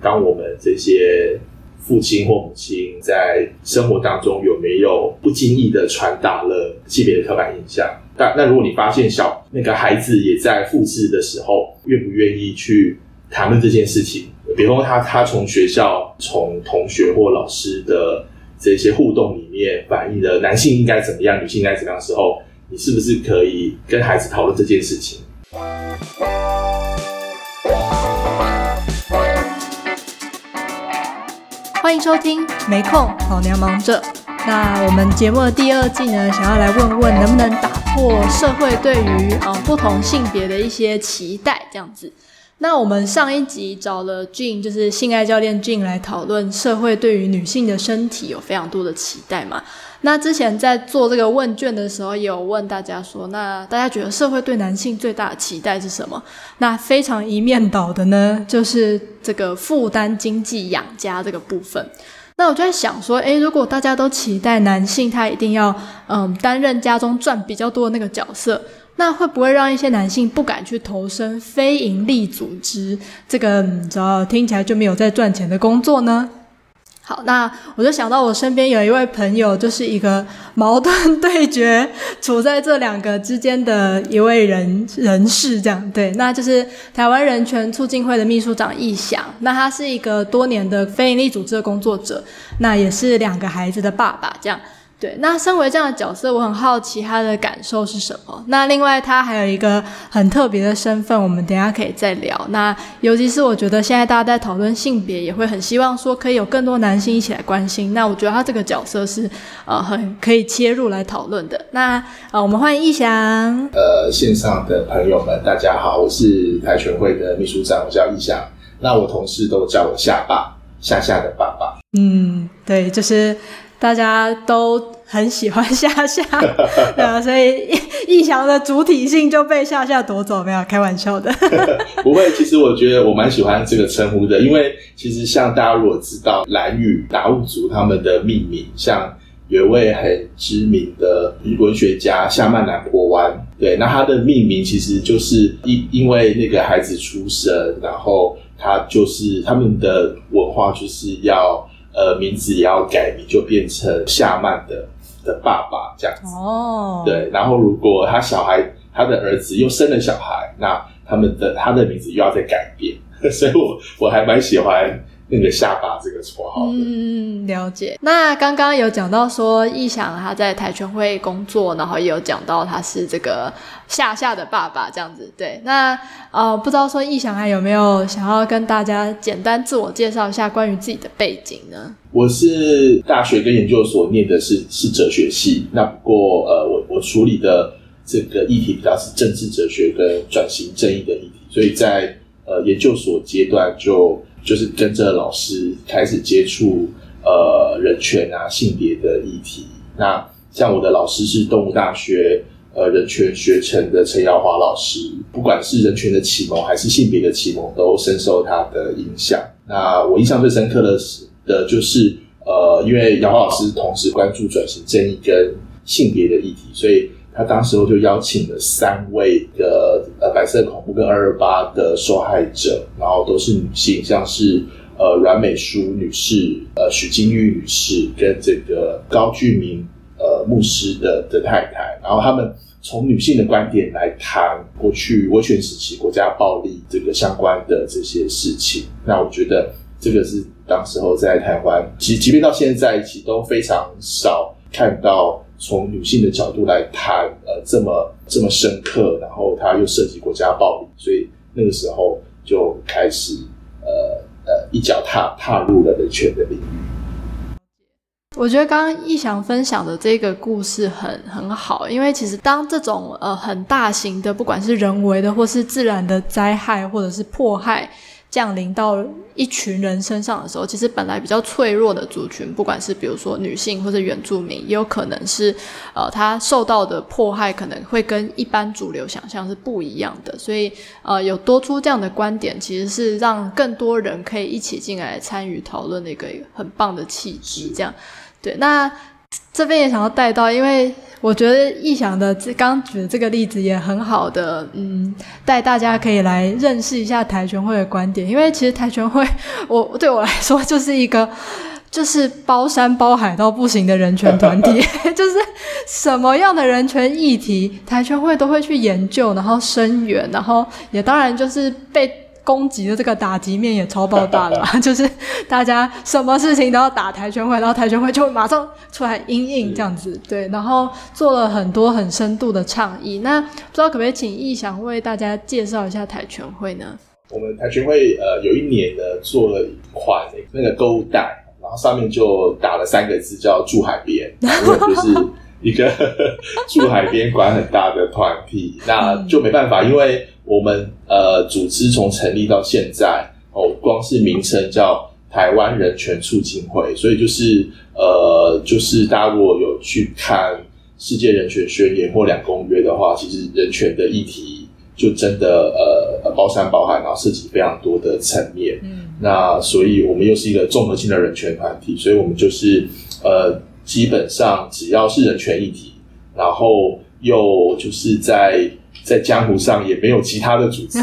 當我們這些父親或母親在生活當中有沒有不經意的傳達了性別的刻板印象？但那，那如果你發現小那個孩子也在複製的時候，願不願意去談論這件事情？比如說他他從學校、從同學或老師的這些互動裡面反映的男性應該怎麼樣、女性應該怎麼樣的時候，你是不是可以跟孩子討論這件事情？歡迎收聽，沒空，老娘忙着。那我們節目的第二季呢，想要來問問，能不能打破社會對於啊、呃、不同性別的一些期待，這樣子。那我們上一集找了俊，就是性愛教練俊來討論社會對於女性的身體有非常多的期待嘛。那之前在做這個問卷的時候，也有問大家說，那大家覺得社會對男性最大的期待是什麼？那非常一面倒的呢，就是這個負擔經濟養家這個部分。那我就在想說，誒，如果大家都期待男性他一定要，嗯，擔任家中賺比較多的那個角色，那會不會讓一些男性不敢去投身非營利組織這個，只要聽起來就沒有在賺錢的工作呢？好，那我就想到我身邊有一位朋友，就是一個矛盾對決處在這兩個之間的一位人人士，這樣對，那就是台灣人權促進會的秘書長逸翔，那他是一個多年的非營利組織的工作者，那也是兩個孩子的爸爸，這樣。對，那身為這樣的角色，我很好奇他的感受是什麼。那另外，他還有一個很特別的身份，我們等一下可以再聊。那尤其是我覺得現在大家在討論性別，也會很希望說可以有更多男性一起來關心。那我覺得他這個角色是，呃，很可以切入來討論的。那呃，我們歡迎逸翔。呃，線上的朋友們，大家好，我是台權會的秘書長，我叫逸翔。那我同事都叫我夏爸，夏夏的爸爸。嗯，對，就是。大家都很喜歡夏夏，對 啊，所以逸翔的主體性就被夏夏奪走，沒有開玩笑的。 不會，其實我覺得我蠻喜歡這個稱呼的，因為其實像大家如果知道蘭嶼達悟族他們的命名，像有一位很知名的文學家夏曼藍波安，對，那他的命名其實就是因因為那個孩子出生，然後他就是他們的文化就是要。呃，名字也要改名，你就變成夏曼的的爸爸這樣子。哦，oh。對，然後如果他小孩，他的兒子又生了小孩，那他們的他的名字又要再改變，所以我我還蠻喜歡。那個下巴這個綽號，嗯，了解。那剛剛有講到說，逸翔他在台權會工作，然後也有講到他是這個夏夏的爸爸這樣子。對，那呃，不知道說逸翔還有沒有想要跟大家簡單自我介紹一下關於自己的背景呢？我是大學跟研究所念的是是哲學系，那不過呃，我我處理的這個議題比較是政治哲學跟轉型正義的議題，所以在呃研究所階段就。就是跟着老師開始接觸呃，人權啊、性別的議題。那像我的老師是動物大學呃人權學程的陳耀華老師，不管是人權的啟蒙還是性別的啟蒙，都深受他的影響。那我印象最深刻的是的，就是呃，因為姚華老師同時關注轉型正義跟性別的議題，所以他當時候就邀請了三位的。白色恐怖跟二二八的受害者，然後都是女性，像是呃阮美淑女士、呃許金玉女士跟這個高俊明呃牧師的的太太，然後他們從女性的觀點來談過去威權時期國家暴力這個相關的這些事情，那我覺得這個是當時候在台灣，即即便到現在，其實都非常少看到。從女性的角度來談，呃，這麼這麼深刻，然後它又涉及國家暴力，所以那個時候就開始，呃呃、一腳踏踏入了人權的領域。我覺得剛剛逸翔分享的這個故事很很好，因為其實當這種、呃、很大型的，不管是人為的或是自然的災害，或者是迫害。降臨到一群人身上的時候，其實本來比較脆弱的族群，不管是比如說女性或是原住民，也有可能是，呃，他受到的迫害可能會跟一般主流想象是不一樣的。所以，呃，有多出這樣的觀點，其實是讓更多人可以一起進來參與討論的一個很棒的契機。這樣，是對，那。這邊也想要帶到，因為我覺得逸翔的剛，剛舉的這個例子也很好的，嗯，帶大家可以來認識一下台權會的觀點。因為其實台權會，我對我來說就是一個就是包山包海到不行的人權團體， 就是什麼樣的人權議題，台權會都會去研究，然後聲援，然後也當然就是被。攻擊的這個打擊面也超爆炸的， 就是大家什麼事情都要打台權會，然後台權會就馬上出來因應這樣子，是對，然後做了很多很深度的倡議。那不知道可不可以請逸翔為大家介紹一下台權會呢？我們台權會呃有一年呢做了一款、欸、那個購物袋，然後上面就打了三個字叫“住海邊”，就是一個 住海邊管很大的團體，那就沒辦法，嗯、因為。我們呃，組織從成立到現在，哦，光是名稱叫台灣人權促進會，所以就是呃，就是大家如果有去看世界人權宣言或兩公約的話，其實人權的議題就真的呃，包山包海，然後涉及非常多的層面。嗯，那所以我們又是一個綜合性的人權團體，所以我們就是呃，基本上只要是人權議題，然後又就是在。在江湖上也沒有其他的組織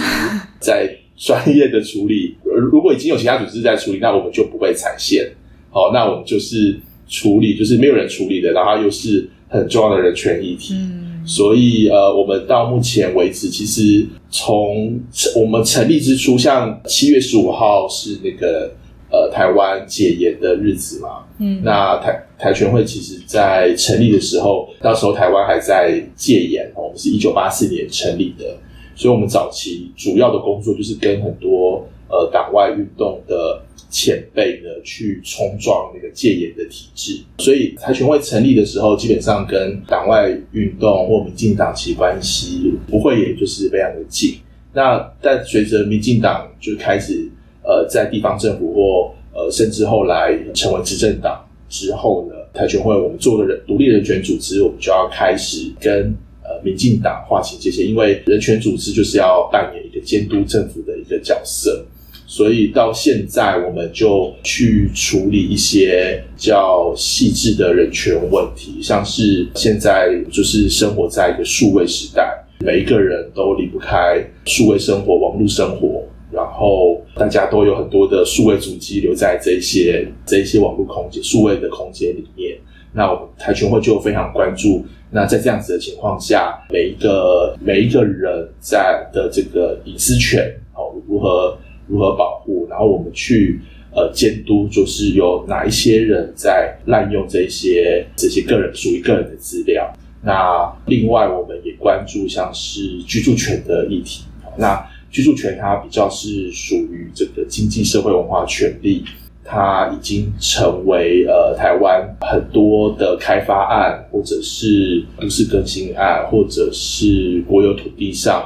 在專業的處理。 如果已經有其他組織在處理，那我們就不會踩線。好、哦，那我們就是處理，就是沒有人處理的，然後又是很重要的人權議題。嗯、所以呃，我們到目前為止，其實從我們成立之初，像七月十五號是那個。呃，臺灣戒嚴的日子嘛，嗯，那台台權會其實在成立的時候，那時候臺灣還在戒嚴哦，我們是一九八四年成立的，所以我們早期主要的工作就是跟很多呃黨外運動的前輩呢去衝撞那個戒嚴的體制，所以台權會成立的時候，基本上跟黨外運動或民進黨其實關係不會也就是非常的近，那但隨着民進黨就開始。呃，在地方政府或呃，甚至後來、呃、成為執政黨之後呢，台權會我們做的人獨立人權組織，我們就要開始跟呃民進黨劃清界限，因為人權組織就是要扮演一個監督政府的一個角色，所以到現在我們就去處理一些比較細緻的人權問題，像是現在就是生活在一個數位時代，每一個人都離不開數位生活、網絡生活，然後。大家都有很多的數位足跡留在這些這些網絡空間、數位的空間裡面。那我們台權會就非常關注。那在這樣子的情況下，每一個每一個人在的這個隱私權哦，如何如何保護？然後我們去呃監督，就是有哪一些人在濫用這些這些個人屬於個人的資料。那另外我們也關注像是居住權的議題。哦、那居住權它比較是屬於這個經濟社會文化權利，它已經成為呃台灣很多的開發案或者是都市更新案或者是國有土地上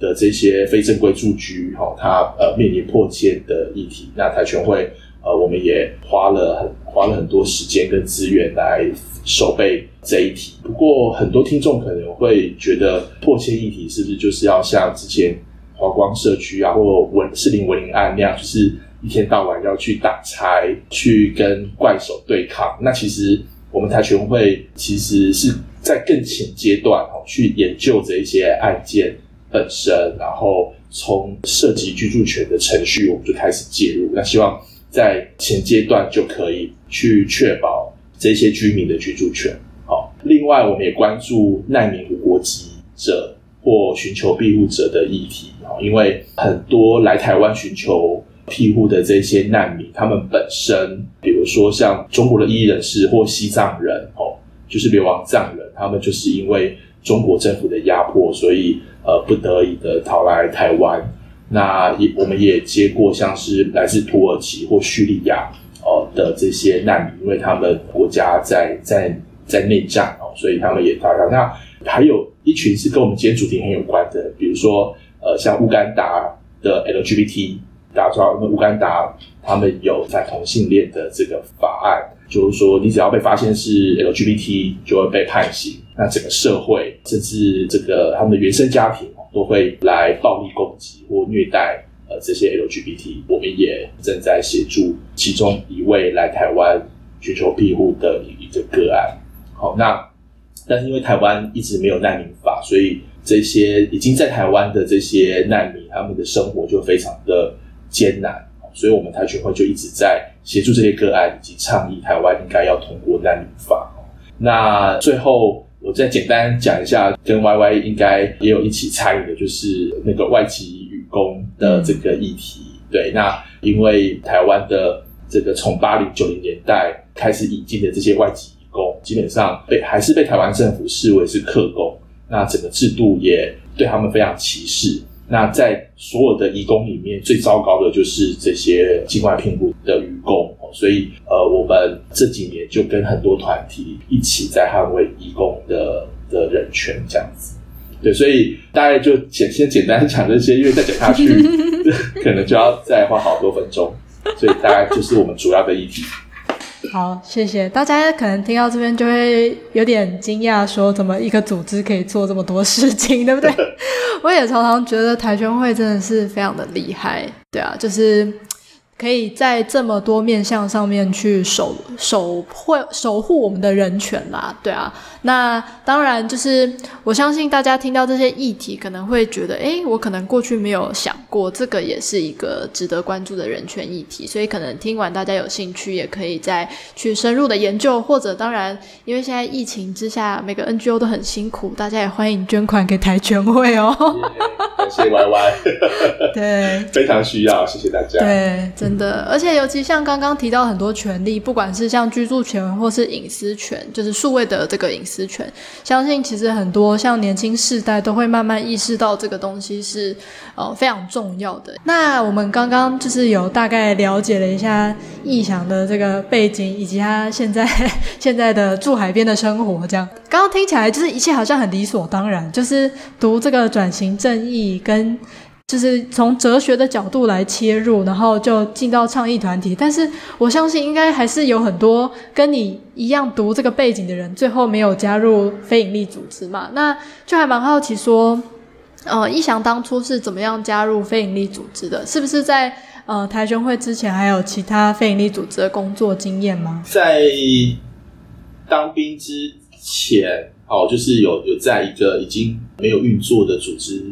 的這些非正規住居、哦、它呃面臨迫遷的議題。那台權會呃我們也花了很花了很多時間跟資源來守備這一題。不過很多聽眾可能會覺得迫遷議題是不是就是要像之前。華光社區啊，或是士林文林苑案那樣，就是一天到晚要去打拆，去跟怪手對抗。那其實我們台權會其實是在更前階段哦，去研究這一些案件本身，然後從涉及居住權的程序，我們就開始介入。那希望在前階段就可以去確保這些居民的居住權。好，另外我們也關注難民無國籍者或尋求庇護者的議題。哦，因為很多來台灣尋求庇護的這些難民，他們本身，比如說像中國的異議人士或西藏人，哦，就是流亡藏人，他們就是因為中國政府的壓迫，所以呃不得已的逃來台灣。那我們也接過像是來自土耳其或敘利亞哦的這些難民，因為他們國家在在在內戰哦，所以他們也逃來。那還有一群是跟我們今天主題很有關的，比如說。呃，像烏干達的 LGBT，打造，因為烏干達他們有反同性戀的這個法案，就是說你只要被發現是 LGBT，就會被判刑。那整個社會甚至這個他們的原生家庭都會來暴力攻擊或虐待呃這些 LGBT。我們也正在協助其中一位來台灣尋求庇護的一個個案。好，那但是因為台灣一直沒有難民法，所以。這些已經在台灣的這些難民，他們的生活就非常的艱難，所以，我們台權會就一直在協助這些個案以及倡議台灣應該要通過難民法。那最後，我再簡單講一下，跟 Y Y 應該也有一起參與的，就是那個外籍移工的這個議題。對，那因為台灣的這個從八零九零年代開始引進的這些外籍移工，基本上被還是被台灣政府視為是客工。那整個制度，也對他們非常歧視。那在所有的移工裡面，最糟糕的就是這些境外聘僱的移工。所以，呃，我們這幾年就跟很多團體一起在捍衛移工的的人權，這樣子。對，所以大家就簡先簡單講這些，因為再講下去 可能就要再花好多分鐘。所以，大概就是我們主要的議題。好，謝謝。大家可能聽到這邊就會有點驚訝，說怎麼一個組織可以做這麼多事情，對不對？ 我也常常覺得台權會真的是非常的厲害，對啊，就是可以在這麼多面向上面去守守、會守護我們的人權啦，對啊。那當然，就是我相信大家聽到這些議題，可能會覺得，哎，我可能過去沒有想過，這個也是一個值得關注的人權議題。所以可能聽完，大家有興趣也可以再去深入的研究，或者當然，因為現在疫情之下，每個 NGO 都很辛苦，大家也歡迎捐款給台權會哦。感、yeah, 謝 Y Y， 對，非常需要，謝謝大家。對，真的，嗯、而且尤其像剛剛提到很多權利，不管是像居住權或是隱私權，就是數位的這個隱。私權，相信其實很多像年輕世代都會慢慢意識到這個東西是呃非常重要的。那我們剛剛就是有大概了解了一下逸翔的這個背景，以及他現在現在的住海邊的生活，這樣剛剛聽起來就是一切好像很理所當然，就是讀這個轉型正義跟。就是從哲學的角度來切入，然後就進到倡議團體。但是我相信，應該還是有很多跟你一樣讀這個背景的人，最後沒有加入非營利組織嘛，那就還蠻好奇，說，呃，逸翔當初是怎麼樣加入非營利組織的？是不是在呃台權會之前，還有其他非營利組織的工作經驗嗎？在當兵之前，哦，就是有有在一個已經沒有運作的組織。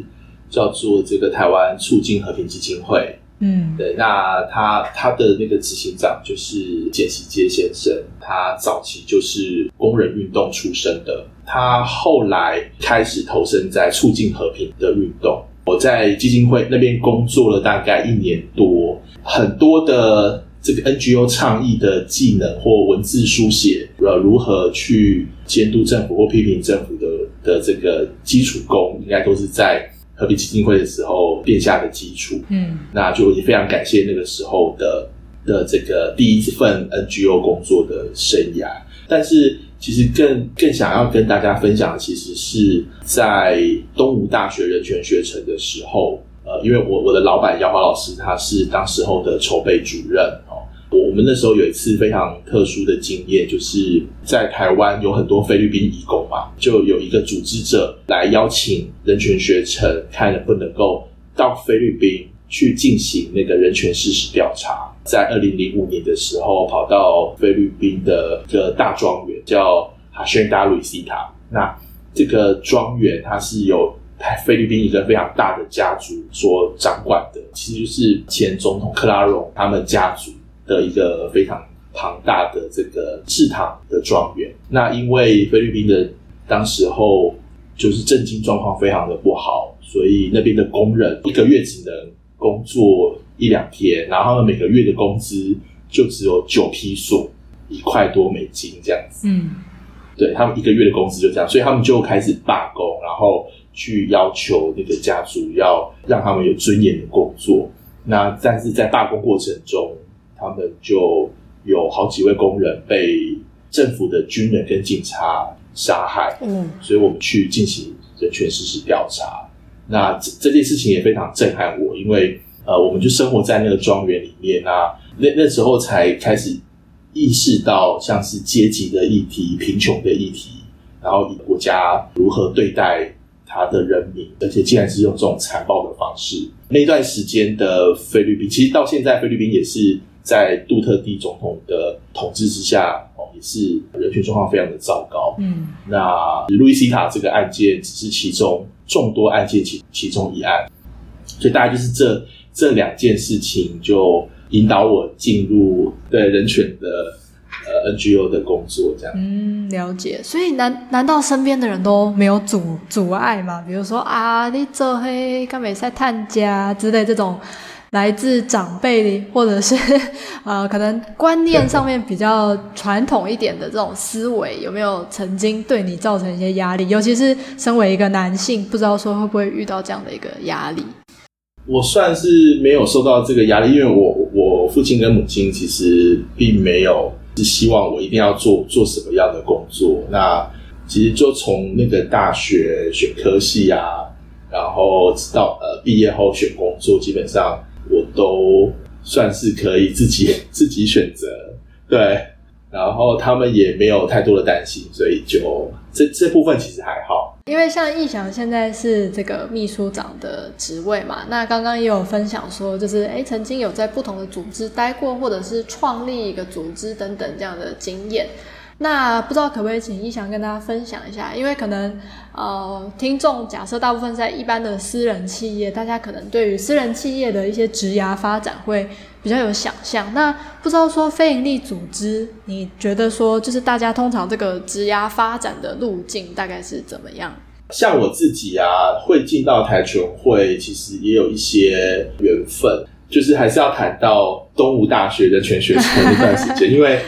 叫做這個台灣促進和平基金會，嗯，對，那他他的那個執行長就是簡錫堦先生，他早期就是工人運動出身的，他後來開始投身在促進和平的運動。我在基金會那邊工作了大概一年多，很多的這個 NGO 倡議的技能或文字書寫，呃，如何去監督政府或批評政府的的這個基礎功，應該都是在。和平基金會的時候奠下的基礎，嗯，那就也非常感謝那個時候的的這個第一份 NGO 工作的生涯。但是，其實更更想要跟大家分享的，其實是在東吳大學人權學程的時候，呃，因為我我的老闆姚華老師，他是當時候的籌備主任。我們那時候有一次非常特殊的經驗，就是在台灣有很多菲律賓移工嘛，就有一個組織者來邀請人權學成，看能不能夠到菲律賓去進行那個人權事實調查。在二零零五年的時候，跑到菲律賓的一個大莊園叫哈宣達魯西塔。那這個莊園它是由菲律賓一個非常大的家族所掌管的，其實就是前總統柯拉蓉他們家族的一個非常龐大的這個製糖的莊園。那因為菲律賓的當時候就是經濟狀況非常的不好，所以那邊的工人一個月只能工作一兩天，然後他們每個月的工資就只有九披索，一塊多美金這樣子。嗯，對他們一個月的工資就這樣，所以他們就開始罷工，然後去要求那個家族要讓他們有尊嚴的工作。那但是在罷工過程中，他們就有好幾位工人被政府的軍人跟警察殺害，嗯，所以我們去進行人權事實調查。那這件事情也非常震撼我，因為呃，我們就生活在那個莊園裡面啊，那那時候才開始意識到，像是階級的議題、貧窮的議題，然後以國家如何對待他的人民，而且竟然是用這種殘暴的方式。那段時間的菲律賓，其實到現在菲律賓也是。在杜特蒂總統的統治之下，哦，也是人權狀況非常的糟糕。嗯，那路易斯塔這個案件只是其中眾多案件其其中一案，所以大概就是這這兩件事情就引導我進入對人權的、嗯呃、NGO 的工作這樣。嗯，了解。所以難難道身邊的人都沒有阻阻礙嗎？比如說啊，你做黑噶未使探家之類這種。來自長輩或者是呃，可能觀念上面比較傳統一點的這種思維，對對，有沒有曾經對你造成一些壓力？尤其是身為一個男性，不知道說會不會遇到這樣的一個壓力？我算是沒有受到這個壓力，因為我我父親跟母親其實並沒有是希望我一定要做做什麼樣的工作。那其實就從那個大學選科系啊，然後直到呃畢業後選工作，基本上。我都算是可以自己自己選擇，對，然後他們也沒有太多的擔心，所以就這這部分其實還好。因為像逸翔現在是這個秘書長的職位嘛，那剛剛也有分享說，就是誒曾經有在不同的組織待過，或者是創立一個組織等等這樣的經驗。那不知道可不可以請逸翔跟大家分享一下，因為可能呃，聽眾假設大部分在一般的私人企業，大家可能對於私人企業的一些職涯發展會比較有想象那不知道說非營利組織，你覺得說就是大家通常這個職涯發展的路徑大概是怎麼樣？像我自己啊，會進到台權會，其實也有一些緣分。就是還是要談到東吳大學的人權學程那段時間，因為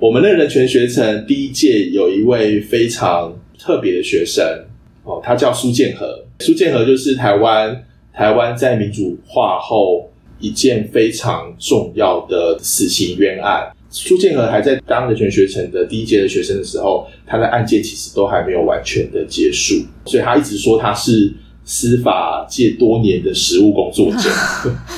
我們的人權學程第一屆有一位非常特別的學生哦，他叫蘇建和。蘇建和就是台灣，台灣在民主化後一件非常重要的死刑冤案。蘇建和還在當人權學程的第一屆的學生的時候，他的案件其實都還沒有完全的結束，所以他一直說他是。司法界多年的實務工作者，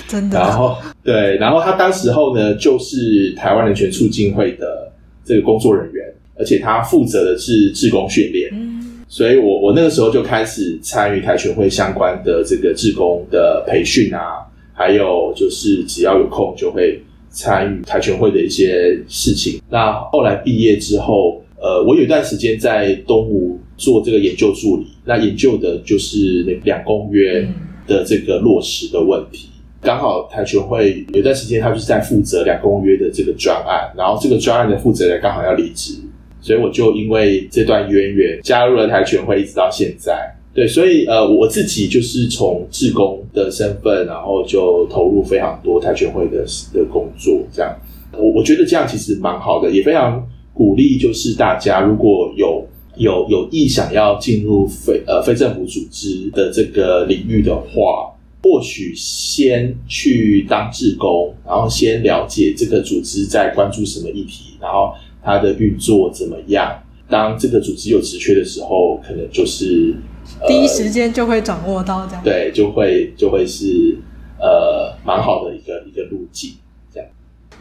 真的。 然後對，然後他當時候呢，就是台灣人權促進會的這個工作人員，而且他負責的是志工訓練。嗯，所以我我那個時候就開始參與台權會相關的這個志工的培訓啊，還有就是只要有空就會參與台權會的一些事情。那後來畢業之後，呃，我有一段時間在東吳做這個研究助理。那研究的就是那兩公約的這個落實的問題。剛好台權會有一段時間，他就是在負責兩公約的這個專案，然後這個專案的負責人剛好要離職，所以我就因為這段淵源加入了台權會，一直到現在。對，所以呃，我自己就是從志工的身份，然後就投入非常多台權會的的工作。這樣，我我覺得這樣其實蠻好的，也非常鼓勵，就是大家如果有。有有意想要進入非呃非政府組織的這個領域的話，或許先去當志工，然後先了解這個組織在關注什麼議題，然後它的運作怎麼樣。當這個組織有職缺的時候，可能就是、呃、第一時間就會掌握到這樣。對，就會就會是呃蠻好的一個一個路徑。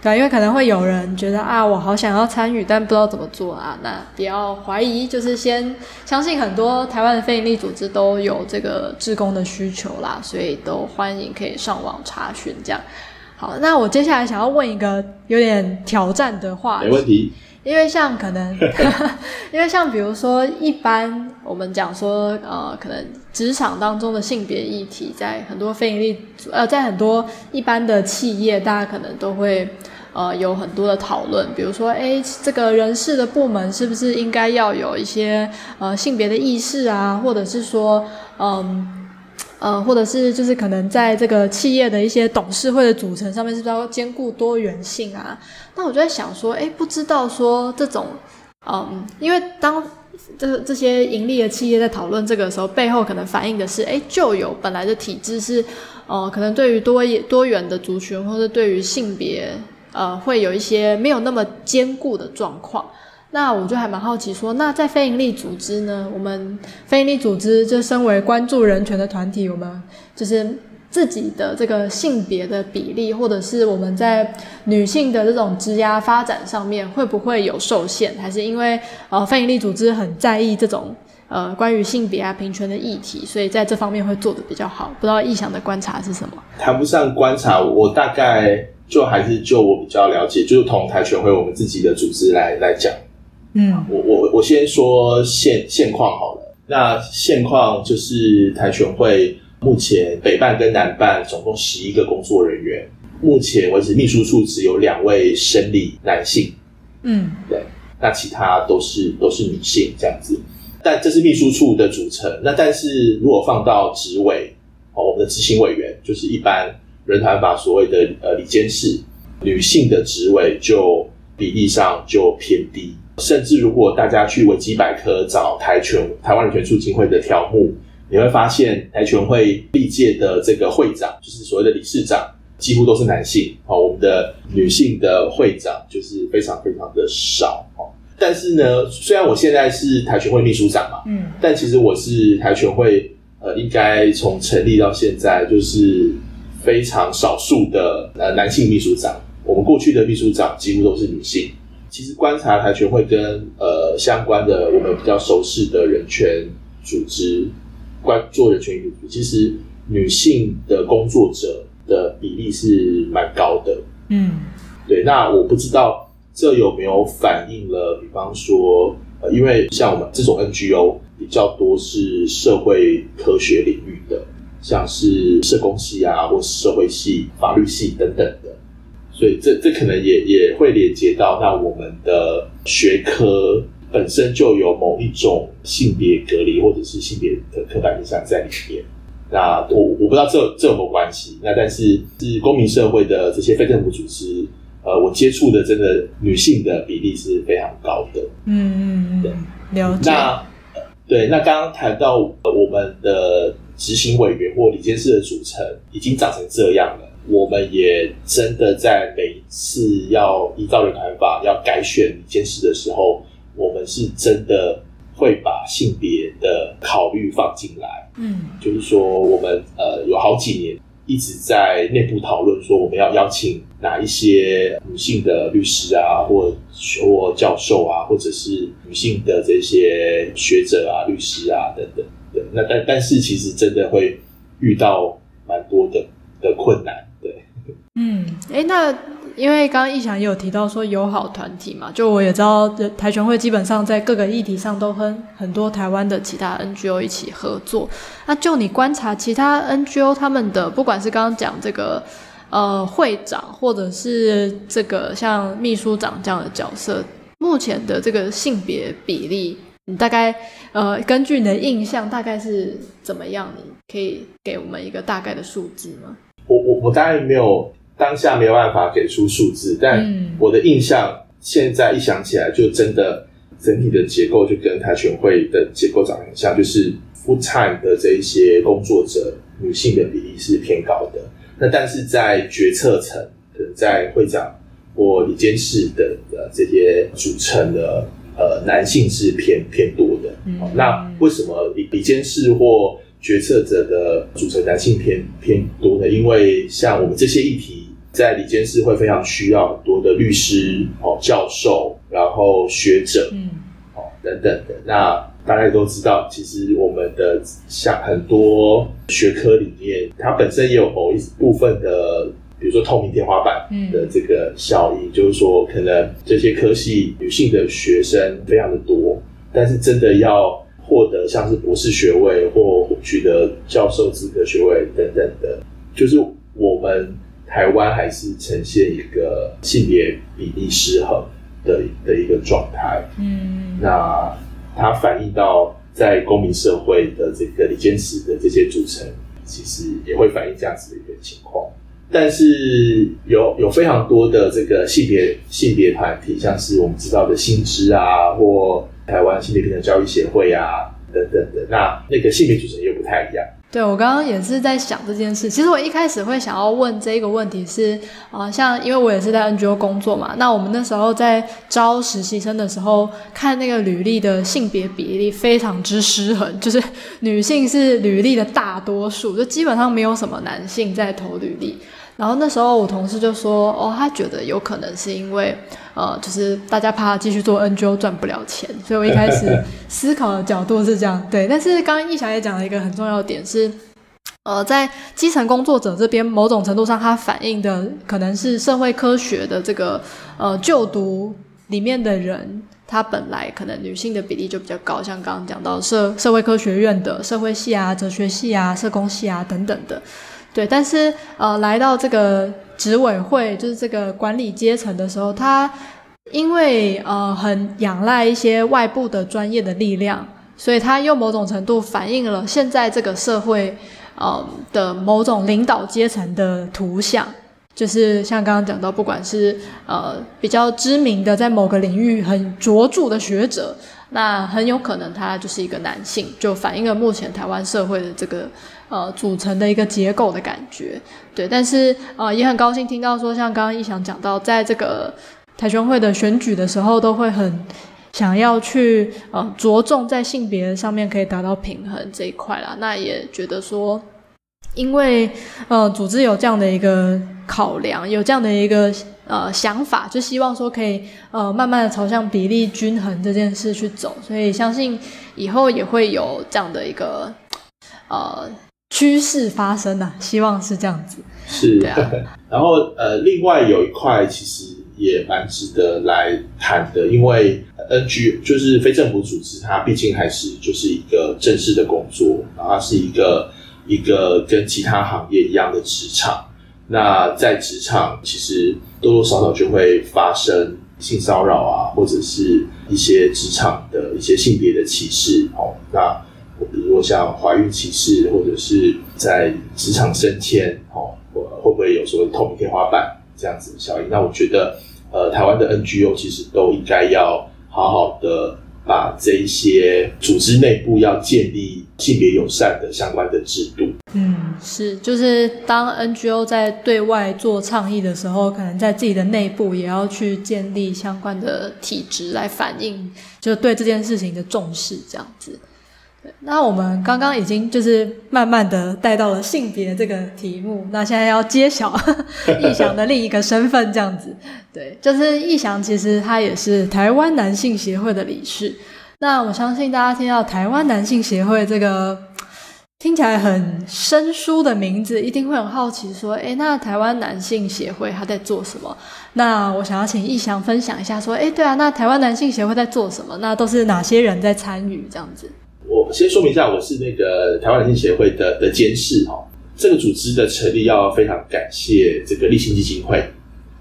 對，因為可能會有人覺得啊，我好想要參與，但不知道怎麼做啊。那不要懷疑，就是先相信很多台灣的非營利組織都有這個志工的需求啦，所以都歡迎可以上網查詢這樣。好，那我接下來想要問一個有點挑戰的話題。沒問題。因為像可能， 因為像比如說，一般我們講說，呃，可能職場當中的性別議題，在很多非營利組，呃，在很多一般的企業，大家可能都會。呃，有很多的討論，比如說，哎，這個人事的部門是不是應該要有一些呃性別的意識啊？或者是說，嗯，呃，或者是就是可能在這個企業的一些董事會的組成上面，是不是要兼顧多元性啊？那我就在想說，哎，不知道說這種，嗯，因為當這這些盈利的企業在討論這個的時候，背後可能反映的是，哎，就有本來的體制是，呃，可能對於多多元的族群或者對於性別，呃，會有一些沒有那麼堅固的狀況。那我就還蠻好奇說，說那在非營利組織呢？我們非營利組織就身為關注人權的團體，我們就是自己的這個性別的比例，或者是我們在女性的這種職涯發展上面，會不會有受限？還是因為呃非營利組織很在意這種呃關於性別啊平權的議題，所以在這方面會做得比較好？不知道逸翔的觀察是什麼？談不上觀察，我大概。嗯就還是就我比較了解，就是、同台權會我們自己的組織來來講，嗯，我我我先說現現況好了。那現況就是台權會目前北辦跟南辦總共十一個工作人員，目前為止秘書處只有兩位生理男性，嗯，對，那其他都是都是女性這樣子。但這是秘書處的組成。那但是如果放到執委哦，我們的執行委員就是一般。人團法所謂的呃，理監事，女性的職位就比例上就偏低，甚至如果大家去維基百科找台權台灣人權促進會的條目，你會發現台權會歷屆的這個會長就是所謂的理事長幾乎都是男性哦，我們的女性的會長就是非常非常的少，哦。但是呢，雖然我現在是台權會秘書長嘛，嗯，但其實我是台權會呃，應該從成立到現在就是。非常少數的呃男性秘書長，我們過去的秘書長幾乎都是女性。其實觀察台權會跟呃相關的我們比較熟悉的人權組織，關做人權組織其實女性的工作者的比例是蠻高的。嗯，對。那我不知道這有沒有反映了，比方說，呃，因為像我們這種 NGO 比較多是社會科學領域的。像是社工系啊，或是社會系、法律系等等的，所以這這可能也也會連接到那我們的學科本身就有某一種性別隔離或者是性別的刻板印象在裡面。那我我不知道這這有沒有關係，那但是是公民社會的這些非政府組織，呃，我接觸的真的女性的比例是非常高的。嗯嗯嗯，嗯對，了解。那對，那剛剛談到我們的。執行委員或理監事的組成已經長成這樣了。我們也真的在每一次要依照《人團法》要改選理監事的時候，我們是真的會把性別的考慮放進來。嗯，就是說，我們呃有好幾年一直在內部討論，說我們要邀請哪一些女性的律師啊，或或教授啊，或者是女性的這些學者啊、律師啊等等。那但但是其實真的會遇到蠻多的的困難，對。嗯，哎、欸，那因為剛剛逸翔也有提到說友好團體嘛，就我也知道台權會基本上在各個議題上都和很多台灣的其他 NGO 一起合作。那就你觀察其他 NGO 他們的，不管是剛剛講這個呃會長，或者是這個像秘書長這樣的角色，目前的這個性別比例。你大概呃，根據你的印象，大概是怎麼樣？你可以給我們一個大概的數字嗎？我我我當然沒有，當下沒有辦法給出數字，但我的印象，現在一想起來，就真的整體的結構就跟台權會的結構長得很像，就是 full time 的這些工作者，女性的比例是偏高的。那但是在決策層的，在會長或理監事的這些組成的。呃，男性是偏偏多的。嗯嗯嗯嗯。那為什麼理理監事或決策者的組成男性偏偏多呢？因為像我們這些議題，在理監事會非常需要很多的律師、哦教授，然後學者，嗯嗯嗯哦、等等的。那大家都知道，其實我們的像很多學科裡面，它本身也有某一部分的。比如說透明天花板的這個效應，就是說，可能這些科系女性的學生非常的多，但是真的要獲得像是博士學位或取得教授資格學位等等的，就是我們台灣還是呈現一個性別比例失衡的的一個狀態。嗯，那它反映到在公民社會的這個理監事的這些組成，其實也會反映這樣子的一個情況。但是有有非常多的這個性別性別團體，像是我們知道的新知啊，或台灣性別平等教育協會啊等等的，那那個性別組成又不太一樣。對，我剛剛也是在想這件事。其實我一開始會想要問這個問題是，啊、呃，像因為我也是在 NGO 工作嘛，那我們那時候在招實習生的時候，看那個履歷的性別比例非常之失衡，就是女性是履歷的大多數，就基本上沒有什麼男性在投履歷。然後那時候我同事就說：“哦，他覺得有可能是因為，呃，就是大家怕繼續做 NGO 賺不了錢。”所以，我一開始思考的角度是這樣。對，但是剛剛逸翔也講了一個很重要的點是，呃，在基層工作者這邊，某種程度上，它反映的可能是社會科學的這個呃就讀裡面的人，他本來可能女性的比例就比較高，像剛剛講到社社會科學院的社會系啊、哲學系啊、社工系啊等等的。對，但是呃，來到這個執委會，就是這個管理階層的時候，他因為呃很仰賴一些外部的專業的力量，所以他用某種程度反映了現在這個社會呃的某種領導階層的圖像，就是像剛剛講到，不管是呃比較知名的在某個領域很卓著的學者，那很有可能他就是一個男性，就反映了目前台灣社會的這個。呃，組成的一個結構的感覺，對，但是呃，也很高興聽到說，像剛剛逸翔講到，在這個台權會的選舉的時候，都會很想要去呃，着重在性別上面可以達到平衡這一塊啦。那也覺得說，因為呃，組織有這樣的一個考量，有這樣的一個呃想法，就希望說可以呃，慢慢的朝向比例均衡這件事去走，所以相信以後也會有這樣的一個呃。趨勢發生的、啊、希望是這樣子，是、啊呵呵。然後呃，另外有一塊其實也蠻值得來談的，因為 NG 就是非政府組織，它畢竟還是就是一個正式的工作，然後它是一個一個跟其他行業一樣的職場。那在職場，其實多多少少就會發生性騷擾啊，或者是一些職場的一些性別的歧視。哦。那。如果像懷孕歧視，或者是在職場升遷，哦，會不會有什麼透明天花板這樣子的效應？那我覺得，呃，台灣的 NGO 其實都應該要好好的把這一些組織內部要建立性別友善的相關的制度。嗯，是，就是當 NGO 在對外做倡議的時候，可能在自己的內部也要去建立相關的體制來反映，就對這件事情的重視，這樣子。那我們剛剛已經就是慢慢的帶到了性別這個題目，那現在要揭曉逸翔的另一個身份，這樣子，對，就是逸翔其實他也是台灣男性協會的理事。那我相信大家聽到台灣男性協會這個聽起來很生疏的名字，一定會很好奇說，誒、欸，那台灣男性協會他在做什麼？那我想要請逸翔分享一下，說，誒、欸，對啊，那台灣男性協會在做什麼？那都是哪些人在參與？這樣子。先說明一下，我是那個台灣男性協會的的監事哦，這個組織的成立要非常感謝這個勵馨基金會，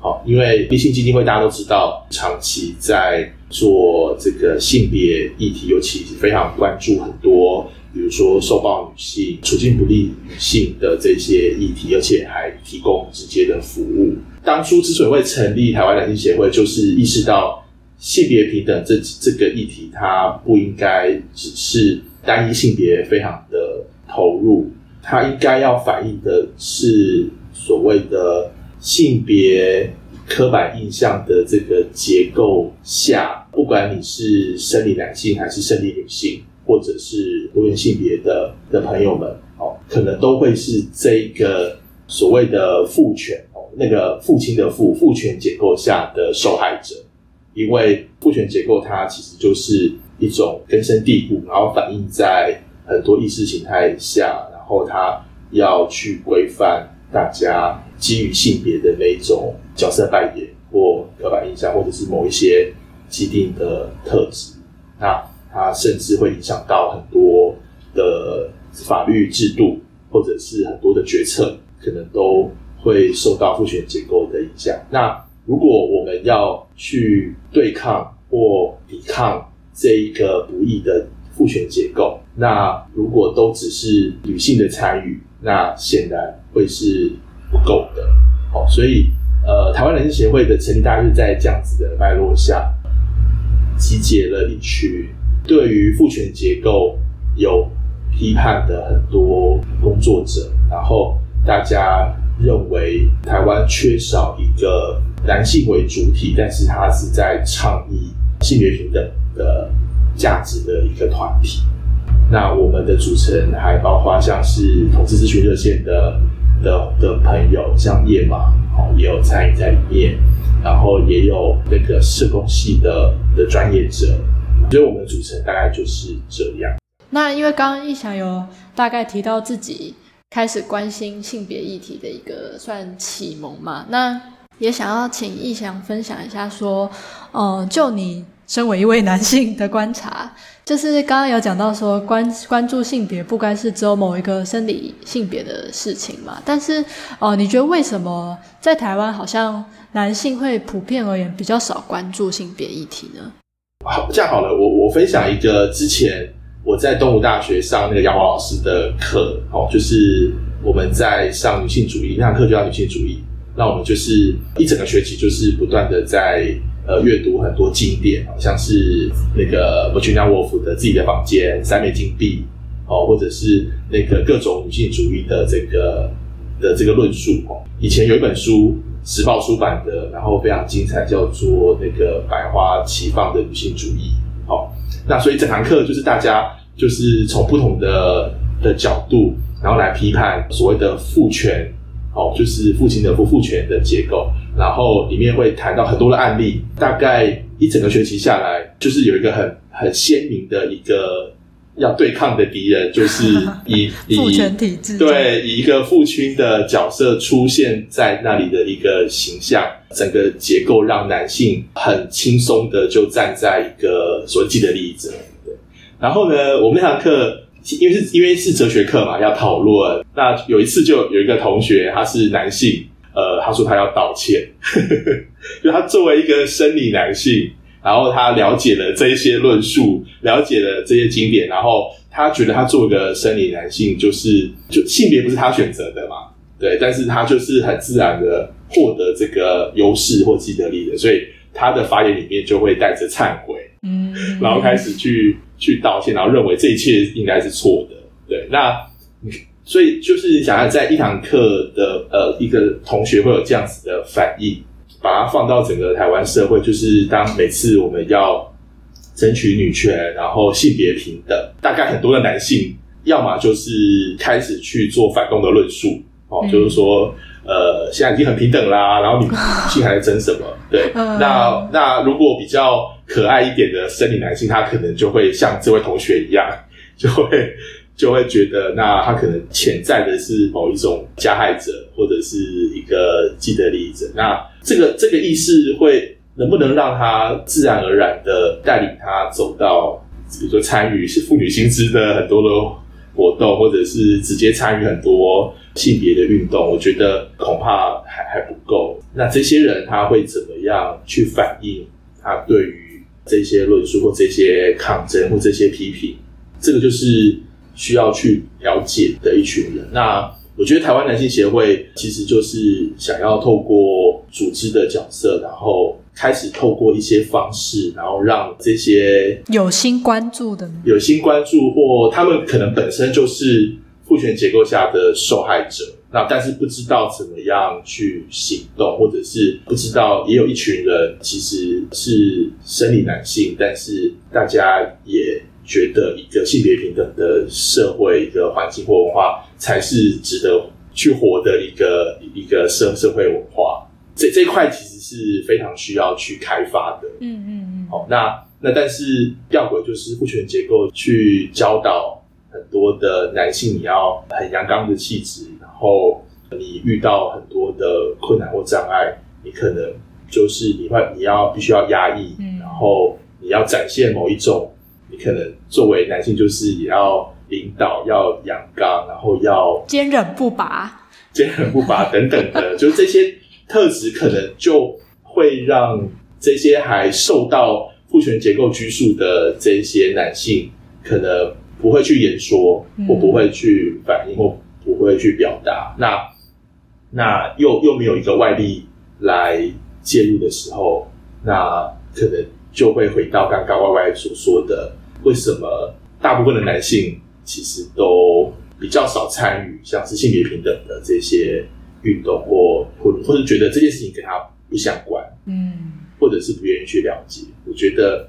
好、哦，因為勵馨基金會大家都知道，長期在做這個性別議題，尤其是非常關注很多，比如說受暴女性、處境不利女性的這些議題，而且還提供直接的服務。當初之所以會成立台灣男性協會，就是意識到性別平等這這個議題，它不應該只是。單一性別非常的投入，它應該要反映的是所謂的性別刻板印象的這個結構下，不管你是生理男性還是生理女性，或者是多元性別的的朋友們，哦，可能都會是這個所謂的父權哦，那個父親的父父權結構下的受害者，因為父權結構它其實就是。一種根深蒂固，然後反映在很多意識形態下，然後它要去規範大家基於性別的那一種角色扮演或刻板印象，或者是某一些既定的特質。那它甚至會影響到很多的法律制度，或者是很多的決策，可能都會受到父權結構的影響。那如果我們要去對抗或抵抗，這一個不義的父權結構，那如果都只是女性的參與，那顯然會是不夠的。好、哦，所以呃，台灣男性協會的成立，大約是在這樣子的脈絡下集結了一群對於父權結構有批判的很多工作者，然後大家認為台灣缺少一個男性為主體，但是他是在倡議性別平等。的價值的一個團體，那我們的組成還包括像是同志諮詢熱線的的的朋友像，像葉馬也有參與在裡面，然後也有那個社工系的的專業者，所以我們組成大概就是這樣。那因為剛剛逸翔有大概提到自己開始關心性別議題的一個算啟蒙嘛，那也想要請逸翔分享一下，說，嗯，就你。身為一位男性的觀察，就是剛剛有講到說關關注性別不該是只有某一個生理性別的事情嘛。但是哦、呃，你覺得為什麼在台灣好像男性會普遍而言比較少關注性別議題呢？好，這樣好了，我我分享一個之前我在東吳大學上那個楊華老師的課哦，就是我們在上女性主義那堂課，就叫女性主義，那我們就是一整個學期就是不斷的在。呃，閱讀很多經典，像是那個 Virginia Woolf 的《自己的房間》三，三枚金幣哦，或者是那個各種女性主義的這個的這個論述哦。以前有一本書，時報出版的，然後非常精彩，叫做那個《百花齊放的女性主義》哦。那所以這堂課就是大家就是從不同的的角度，然後來批判所謂的父權哦，就是父親的不父，父權的結構。然後裡面會談到很多的案例，大概一整個學期下來，就是有一個很很鮮明的一個要對抗的敵人，就是以 父權體制，以，對，以一個父親的角色出現在那裡的一個形象，整個結構讓男性很輕鬆的就站在一個所謂既得利益者。對，然後呢，我們那堂課因為是因為是哲學課嘛，要討論，那有一次就有一個同學他是男性。呃，他說他要道歉，呵呵呵。就他作為一個生理男性，然後他了解了這一些論述，了解了這些經典，然後他覺得他作為一個生理男性，就是就性別不是他選擇的嘛，對，但是他就是很自然的獲得這個優勢或既得利益的，所以他的發言裡面就會帶着懺悔，嗯，嗯，嗯，然後開始去去道歉，然後認為這一切應該是錯的，對，那。所以就是想要在一堂課的呃一個同學會有這樣子的反應，把它放到整個台灣社會。就是當每次我們要爭取女權，然後性別平等，大概很多的男性要麼就是開始去做反動的論述，哦，嗯、就是說呃現在已經很平等啦，然後女性還在爭什麼？ 對，那那如果比較可愛一點的生理男性，他可能就會像這位同學一樣，就會。就會覺得，那他可能潛在的是某一種加害者，或者是一個既得利益者。那這個這個意識會能不能讓他自然而然的帶領他走到，比如說參與婦女新知的很多的活動，或者是直接參與很多性別的運動，我覺得恐怕還還不夠。那這些人他會怎麼樣去反映他對於這些論述或這些抗爭或這些批評，這個就是。需要去了解的一群人。那我覺得台灣男性協會其實就是想要透過組織的角色，然後開始透過一些方式，然後讓這些有心關注的、有心關注或他們可能本身就是父權結構下的受害者，那但是不知道怎麼樣去行動，或者是不知道，也有一群人其實是生理男性，但是大家也，覺得一個性別平等的社會、一個環境或文化，才是值得去活的一個一個社社會文化。這這一塊其實是非常需要去開發的。嗯嗯嗯。好、哦，那那但是，吊詭就是父權結構去教導很多的男性，你要很陽剛的氣質，然後你遇到很多的困難或障礙，你可能就是你會你要必須要壓抑，嗯、然後你要展現某一種。你可能作為男性，就是也要領導，要陽剛，然後要堅韌不拔、堅韌不拔等等的， 就這些特質，可能就會讓這些還受到父權結構拘束的這些男性，可能不會去演說，嗯、或不會去反應，或不會去表達。那那又又沒有一個外力來介入的時候，那可能就會回到剛剛歪歪所說的。為什麼大部分的男性其實都比較少參與像是性別平等的這些運動，或或或者覺得這件事情跟他不相關，嗯，或者是不願意去了解？我覺得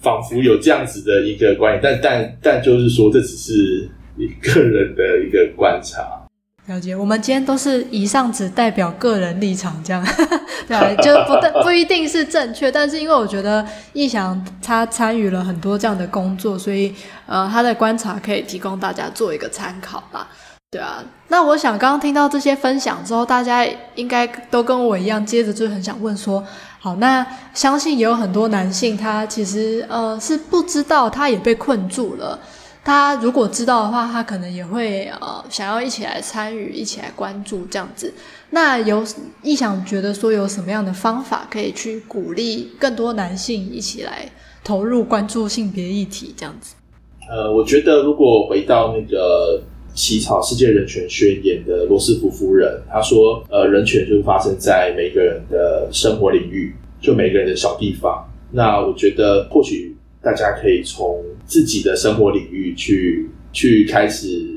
仿佛有這樣子的一個觀念，但但但就是說，這只是你個人的一個觀察。了解，我們今天都是以上只代表個人立場，這樣 對啊，就不不一定是正確，但是因為我覺得逸翔他參與了很多這樣的工作，所以呃，他的觀察可以提供大家做一個參考吧。對啊，那我想剛剛聽到這些分享之後，大家應該都跟我一樣，接着就很想問說，好，那相信也有很多男性他其實呃是不知道他也被困住了。他如果知道的話，他可能也會呃想要一起來參與、一起來關注這樣子。那有逸翔覺得說有什麼樣的方法可以去鼓勵更多男性一起來投入關注性別議題這樣子？呃，我覺得如果回到那個起草《世界人權宣言》的羅斯福夫人，她說：“呃，人權就發生在每個人的生活領域，就每個人的小地方。”那我覺得或許。大家可以從自己的生活領域去去開始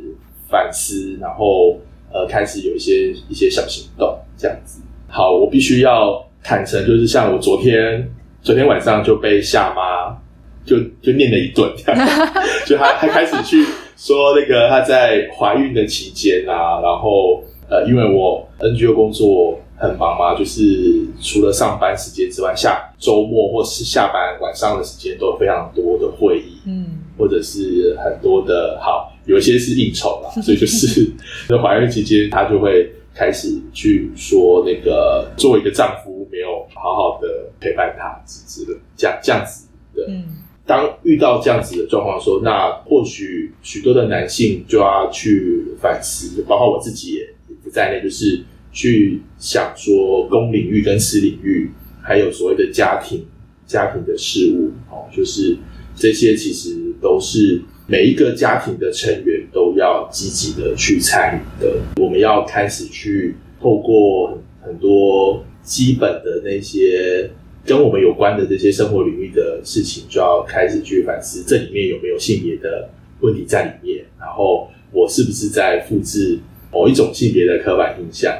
反思，然後呃開始有一些一些小行動這樣子。好，我必須要坦誠，就是像我昨天昨天晚上就被夏媽就就念了一頓， 就她她開始去說那個她在懷孕的期間啊，然後呃因為我 NGO 工作。很忙嘛，就是除了上班時間之外，下週末或是下班晚上的時間都有非常多的會議，嗯，或者是很多的，好，有一些是應酬嘛，呵呵，所以就是在懷孕期間，姐姐她就會開始去說那個，作為一個丈夫沒有好好的陪伴她之類的，這樣這樣子的。子的嗯，當遇到這樣子的狀況，的時候，那或許許多的男性就要去反思，包括我自己也不在內，就是。去想說公領域跟私領域，還有所謂的家庭、家庭的事務，哦，就是這些其實都是每一個家庭的成員都要積極的去參與的。我們要開始去透過很多基本的那些跟我們有關的這些生活領域的事情，就要開始去反思這裡面有沒有性別的問題在裡面，然後我是不是在複製某一種性別的刻板印象？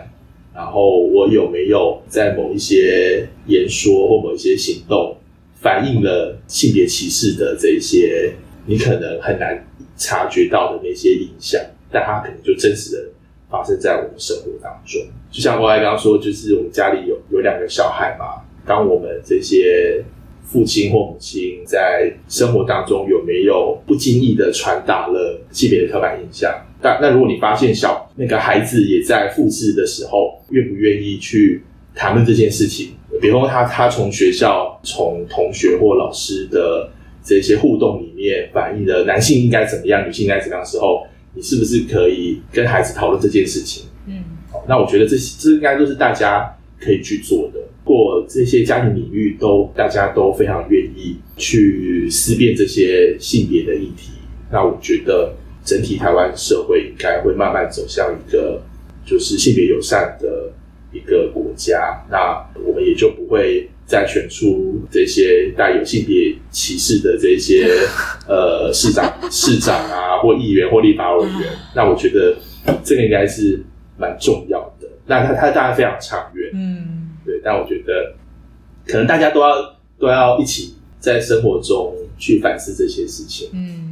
然後我有沒有在某一些言說或某一些行動，反映了性別歧視的這些，你可能很難察覺到的那些影響，但它可能就真實的發生在我們生活當中。就像我剛剛說，就是我們家裡有有兩個小孩嘛，當我們這些父親或母親在生活當中有沒有不經意的傳達了性別的刻板印象？那那如果你發現小那個孩子也在複製的時候，願不願意去談論這件事情？比如說他他從學校、從同學或老師的這些互動裡面反映的，男性應該怎麼樣，女性應該怎麼樣的時候，你是不是可以跟孩子討論這件事情？嗯，那我覺得這這應該都是大家可以去做的。過這些家庭領域都，都大家都非常願意去思辨這些性別的議題。那我覺得。整體台灣社會應該會慢慢走向一個就是性別友善的一個國家，那我們也就不會再選出這些帶有性別歧視的這些 呃市長、市長啊，或議員或立法委員。 那我覺得這個應該是蠻重要的。那他他當然非常長遠，嗯，對。但我覺得可能大家都要都要一起在生活中去反思這些事情，嗯。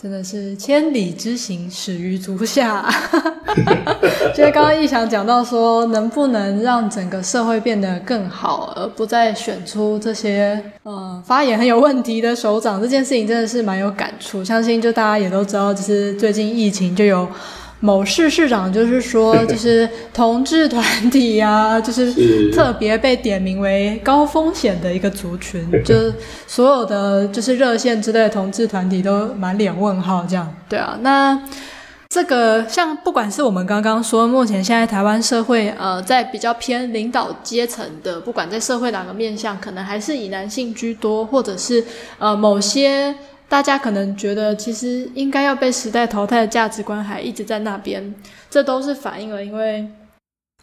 真的是千里之行，始於足下。 就是剛剛逸翔講到說，能不能讓整個社會變得更好，而不再選出這些嗯、呃、發言很有問題的首長，這件事情真的是蠻有感觸。相信就大家也都知道，就是最近疫情就有。某市市長就是說，就是同志團體呀、啊，就是特別被點名為高風險的一個族群，就是所有的就是熱線之類的同志團體都滿臉問號這樣。對啊，那這個像不管是我們剛剛說，目前現在台灣社會呃，在比較偏領導階層的，不管在社會哪個面向，可能還是以男性居多，或者是呃某些。大家可能覺得，其實應該要被時代淘汰的價值觀還一直在那邊，這都是反映了，因為。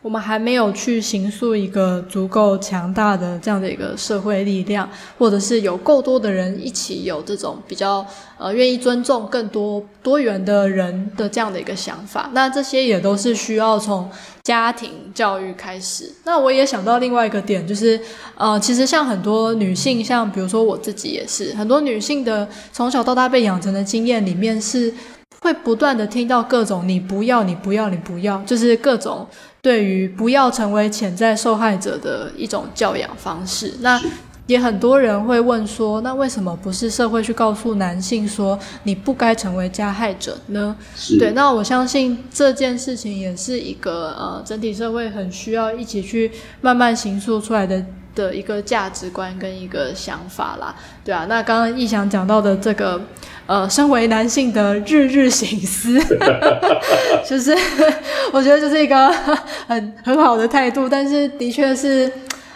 我們還沒有去形塑一個足夠強大的這樣的一個社會力量，或者是有夠多的人一起有這種比較呃願意尊重更多多元的人的這樣的一個想法。那這些也都是需要從家庭教育開始。那我也想到另外一個點，就是呃，其實像很多女性，像比如說我自己也是，很多女性的從小到大被養成的經驗裡面，是會不斷的聽到各種“你不要，你不要，你不要”，就是各種。對於不要成為潛在受害者的一種教養方式，那也很多人會問說，那為什麼不是社會去告訴男性說你不該成為加害者呢？是，對，那我相信這件事情也是一個呃，整體社會很需要一起去慢慢形塑出來的的一個價值觀跟一個想法啦，對啊，那剛剛逸翔講到的這個。呃，身為男性的日日省思， 就是我覺得這是一個很很好的態度，但是的確是，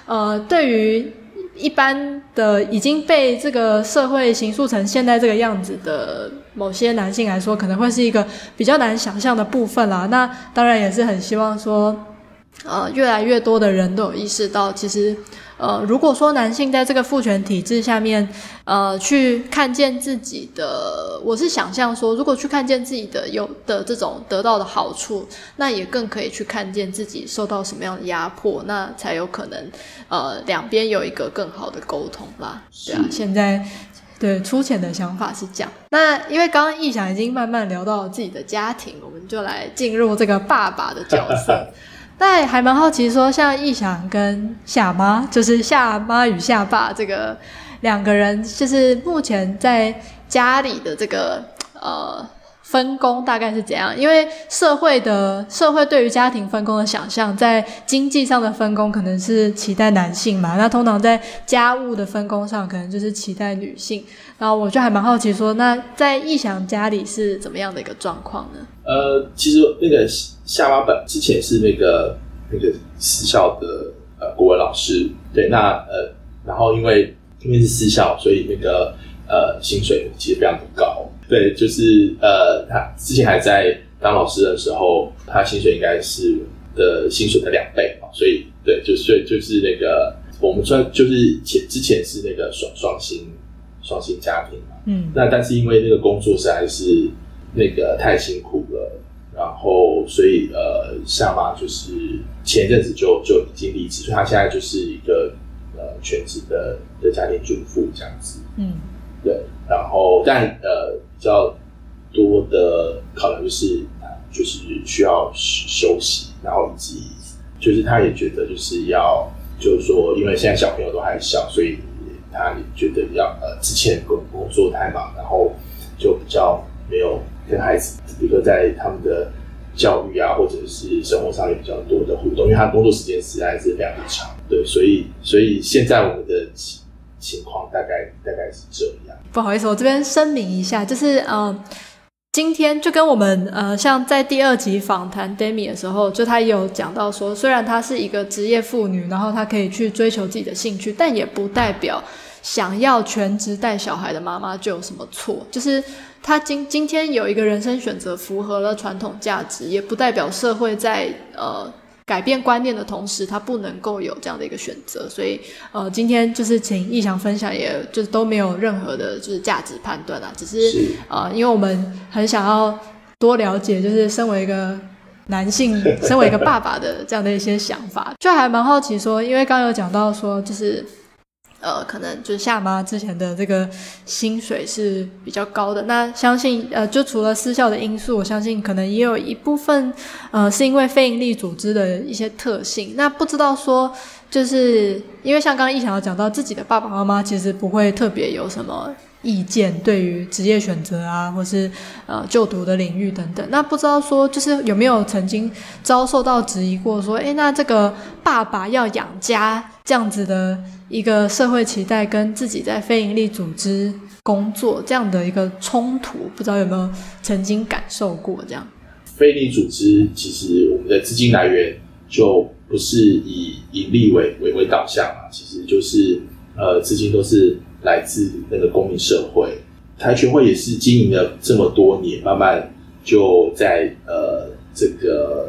呃，對於一般的已經被這個社會形塑成現在這個樣子的某些男性來說，可能會是一個比較難想象的部分啦。那當然也是很希望說。呃，越來越多的人都有意識到，其實，呃，如果說男性在這個父權體制下面，呃，去看見自己的，我是想象說，如果去看見自己的有的這種得到的好處，那也更可以去看見自己受到什麼樣的壓迫，那才有可能，呃，兩邊有一個更好的溝通吧。是對啊，現在對粗淺的想法是這樣。那因為剛剛逸翔已經慢慢聊到自己的家庭，我們就來進入這個爸爸的角色。 那還蠻好奇，說像逸翔跟夏媽，就是夏媽與夏爸這個兩個人，就是目前在家裡的這個呃分工大概是怎樣？因為社會的社會對於家庭分工的想象，在經濟上的分工可能是期待男性嘛，那通常在家務的分工上，可能就是期待女性。然後我就還蠻好奇，說那在逸翔家裡是怎麼樣的一個狀況呢？呃，其實那個夏娃本之前是那個那個私校的呃國文老師，對，那呃，然後因為因為是私校，所以那個呃薪水其實非常的高，對，就是呃他之前還在當老師的時候，他薪水應該是的薪水的兩倍嘛，所以對，就所以就，就是那個我們算就是前之前是那個雙雙薪雙薪家庭嘛，嗯，那但是因為那個工作是還是。那個太辛苦了，然後所以呃，夏媽就是前一陣子就就已經離職，所以她現在就是一個呃全職的的家庭主婦這樣子。嗯，對。然後但呃比較多的可能就是、呃，就是需要休息，然後以及就是他也覺得就是要就是說，因為現在小朋友都還小，嗯、所以他也覺得要呃之前工工作太忙，然後就比較沒有。跟孩子，比如說在他們的教育啊，或者是生活上面比較多的互動，因為他工作時間實在是比較長，對，所以所以現在我們的情況大概大概是這樣。不好意思，我這邊聲明一下，就是嗯、呃，今天就跟我們呃，像在第二集訪談 Demi 的時候，就他也有講到說，雖然他是一個職業婦女，然後他可以去追求自己的興趣，但也不代表想要全職帶小孩的媽媽就有什麼錯，就是。他今今天有一個人生選擇符合了傳統價值，也不代表社會在呃改變觀念的同時，他不能夠有這樣的一個選擇。所以呃，今天就是請逸翔分享也，也就是都沒有任何的就是價值判斷啦、啊，只是，是呃，因為我們很想要多了解，就是身為一個男性，身為一個爸爸的這樣的一些想法， 就還蠻好奇說，因為剛，剛有講到說就是。呃，可能就是夏媽之前的這個薪水是比較高的。那相信呃，就除了私校的因素，我相信可能也有一部分，呃，是因為非營利組織的一些特性。那不知道說，就是因為像剛剛逸翔要講到自己的爸爸媽媽，其實不會特別有什麼。意見對於職業選擇啊，或是呃就讀的領域等等，那不知道說就是有沒有曾經遭受到質疑過？說，哎、欸，那這個爸爸要養家這樣子的一個社會期待，跟自己在非營利組織工作這樣的一個衝突，不知道有沒有曾經感受過這樣？非營利組織，其實我們的資金來源就不是以營利為為為導向啊，其實就是呃資金都是。來自那個公民社會，台權會也是經營了這麼多年，慢慢就在呃這個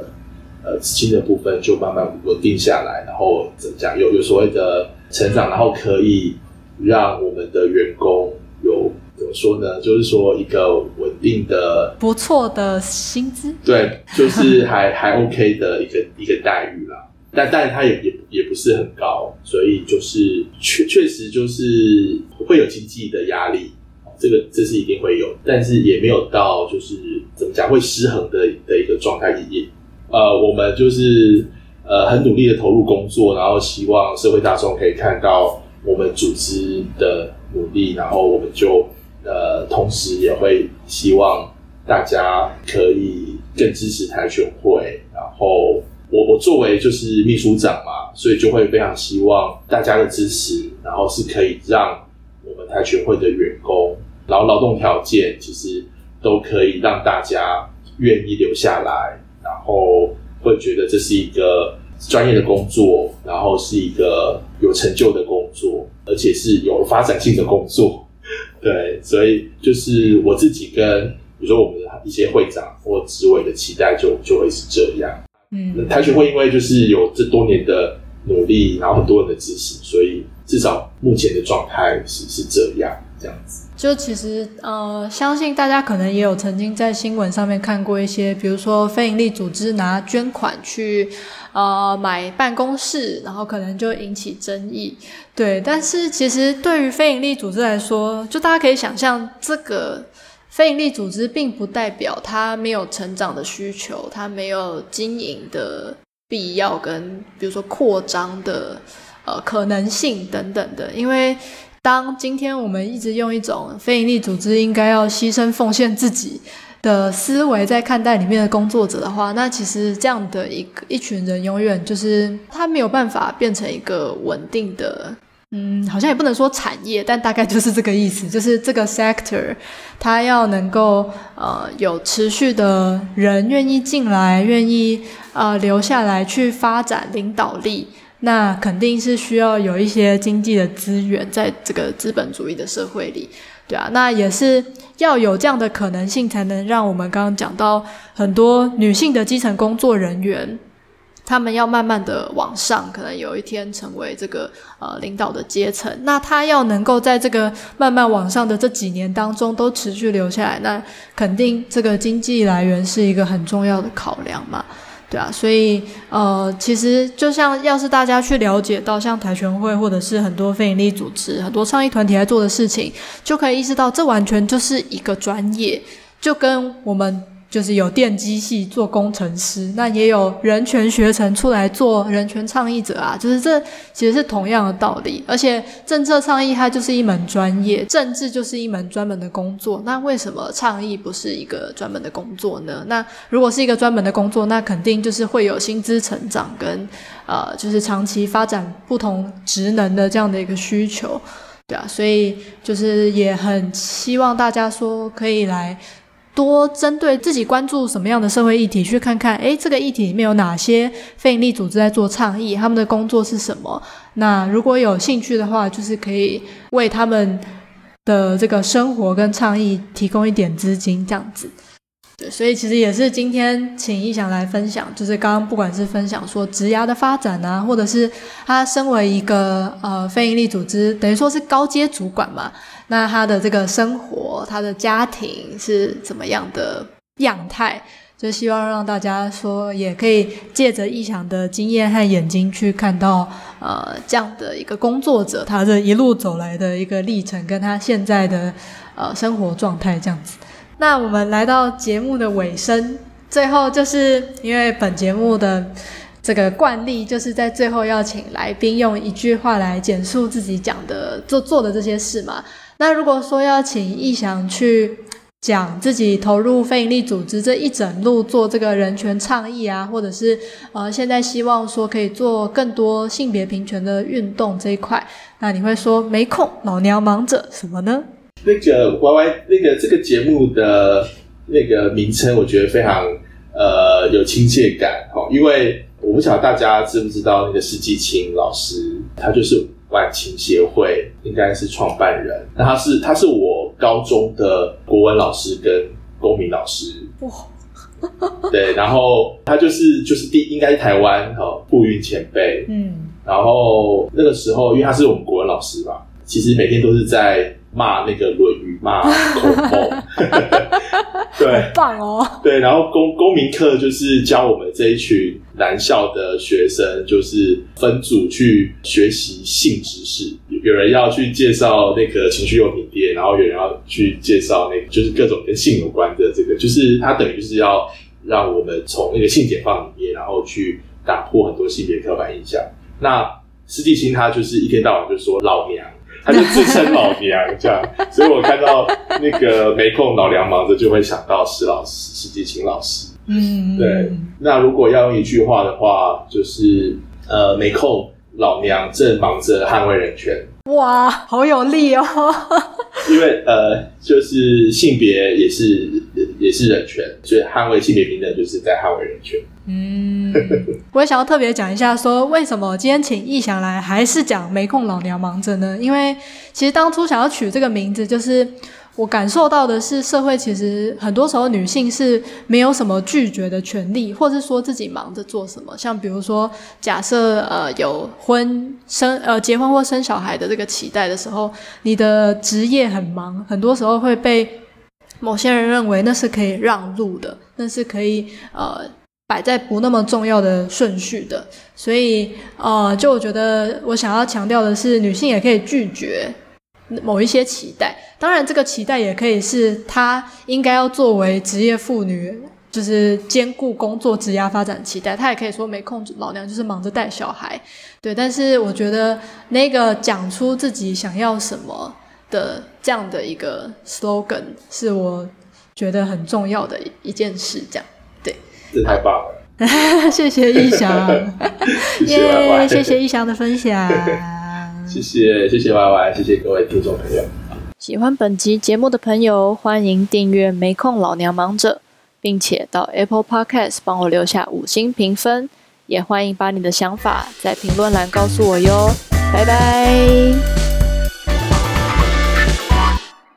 呃資金的部分就慢慢穩定下來，然後怎麼講有有所謂的成長，然後可以讓我們的員工有怎麼說呢？就是說一個穩定的、不錯的薪資，對，就是還 還 OK 的一個一個待遇啦。但但是它也也也不是很高，所以就是確確實就是會有經濟的壓力，這個這是一定會有，但是也沒有到就是怎麼講會失衡的的一個狀態。也呃，我們就是呃很努力的投入工作，然後希望社會大眾可以看到我們組織的努力，然後我們就呃同時也會希望大家可以更支持台權會，然後。我我作為就是秘書長嘛，所以就會非常希望大家的支持，然後是可以讓我們台權會的員工，然後勞動條件其實都可以讓大家願意留下來，然後會覺得這是一個專業的工作，然後是一個有成就的工作，而且是有發展性的工作。對，所以就是我自己跟比如說我們的一些會長或職位的期待就，就就會是這樣。嗯，台權會因為就是有這多年的努力，然後很多人的支持，所以至少目前的狀態是是這樣這樣子。就其實呃，相信大家可能也有曾經在新聞上面看過一些，比如說非營利組織拿捐款去呃買辦公室，然後可能就引起爭議。對，但是其實對於非營利組織來說，就大家可以想象這個。非營利組織並不代表它沒有成長的需求，它沒有經營的必要跟比如說擴張的呃可能性等等的。因為當今天我們一直用一種非營利組織應該要犧牲奉獻自己的思維在看待裡面的工作者的話，那其實這樣的一個一群人永遠就是他沒有辦法變成一個穩定的。嗯，好像也不能說產業，但大概就是這個意思，就是這個 sector，它要能夠呃有持續的人願意進來，願意呃留下來去發展領導力，嗯、那肯定是需要有一些經濟的資源，在這個資本主義的社會裡，對啊，那也是要有這樣的可能性，才能讓我們剛剛講到很多女性的基層工作人員。他們要慢慢的往上，可能有一天成為這個呃領導的階層。那他要能夠在這個慢慢往上的這幾年當中都持續留下來，那肯定這個經濟來源是一個很重要的考量嘛，對啊。所以呃，其實就像要是大家去了解到像台權會或者是很多非營利組織、很多倡議團體在做的事情，就可以意識到這完全就是一個專業，就跟我們。就是有電機系做工程師，那也有人權學程出來做人權倡議者啊，就是這其實是同樣的道理。而且政策倡議它就是一門專業，政治就是一門專門的工作。那為什麼倡議不是一個專門的工作呢？那如果是一個專門的工作，那肯定就是會有薪資成長跟呃，就是長期發展不同職能的這樣的一個需求，對啊，所以就是也很希望大家說可以來。多針對自己關注什麼樣的社會議題，去看看，哎，這個議題裡面有哪些非營利組織在做倡議，他們的工作是什麼？那如果有興趣的話，就是可以為他們的這個生活跟倡議提供一點資金，這樣子。對，所以其實也是今天請逸翔來分享，就是剛剛不管是分享說職涯的發展啊，或者是他身為一個呃非營利組織，等於說是高階主管嘛。那他的這個生活，他的家庭是怎麼樣的樣態？就希望讓大家說，也可以借着逸翔的經驗和眼睛去看到，呃，這樣的一個工作者，他這一路走來的一個歷程，跟他現在的呃生活狀態這樣子。那我們來到節目的尾聲，最後就是因為本節目的這個慣例，就是在最後要請來賓用一句話來簡述自己講的做做的這些事嘛。那如果說要請逸翔去講自己投入非營利組織這一整路做這個人權倡議啊，或者是呃現在希望說可以做更多性別平權的運動這一塊，那你會說沒空，老娘忙着什麼呢？那個 Y Y 那個這個節目的那個名稱，我覺得非常呃有親切感哦，因為我不曉得大家知不知道那個世紀清老師，他就是。晚晴協會應該是創辦人，那他是他是我高中的國文老師跟公民老師哇對，然後他就是就是第應該是台灣哈婦運前輩，嗯，然後那個時候因為他是我們國文老師嘛，其實每天都是在。罵那個《論語》罵恐，罵口爆，對，很棒哦，對，然後公公民課就是教我們這一群男校的學生，就是分組去學習性知識，有人要去介紹那個情趣用品店，然後有人要去介紹那，就是各種跟性有關的這個，就是他等於就是要讓我們從那個性解放裡面，然後去打破很多性別刻板印象。那施寄青他就是一天到晚就說老娘。他就自稱老娘這樣， 所以我看到那個沒空老娘忙着，就會想到施老師、施寄青老師。嗯，嗯，對。那如果要用一句話的話，就是呃，沒空老娘正忙着捍衛人權。哇，好有力哦！ 因為呃，就是性別也是也是人權，所以捍衛性別平等就是在捍衛人權。嗯，我也想要特別講一下，說為什麼今天請逸翔來還是講沒空，老娘忙着呢？因為其實當初想要取這個名字，就是我感受到的是，社會其實很多時候女性是沒有什麼拒絕的權利，或是說自己忙着做什麼。像比如說，假設呃有婚生、呃結婚或生小孩的這個期待的時候，你的職業很忙，很多時候會被某些人認為那是可以讓路的，那是可以呃。擺在不那麼重要的順序的，所以呃，就我覺得我想要強調的是，女性也可以拒絕某一些期待。當然，這個期待也可以是她應該要作為職業婦女，就是兼顧工作、職業發展期待。她也可以說沒空，老娘就是忙着帶小孩。對，但是我覺得那個講出自己想要什麼的這樣的一個 slogan，是我覺得很重要的一件事。這樣。這太棒了！ 謝謝逸翔，謝謝歪歪，謝謝逸翔的分享， 謝謝謝謝歪歪，謝謝各位聽眾朋友。喜歡本集節目的朋友，歡迎訂閱《沒空老娘忙着》，並且到 Apple Podcast 幫我留下五星評分，也歡迎把你的想法在評論欄告訴我喲。拜拜。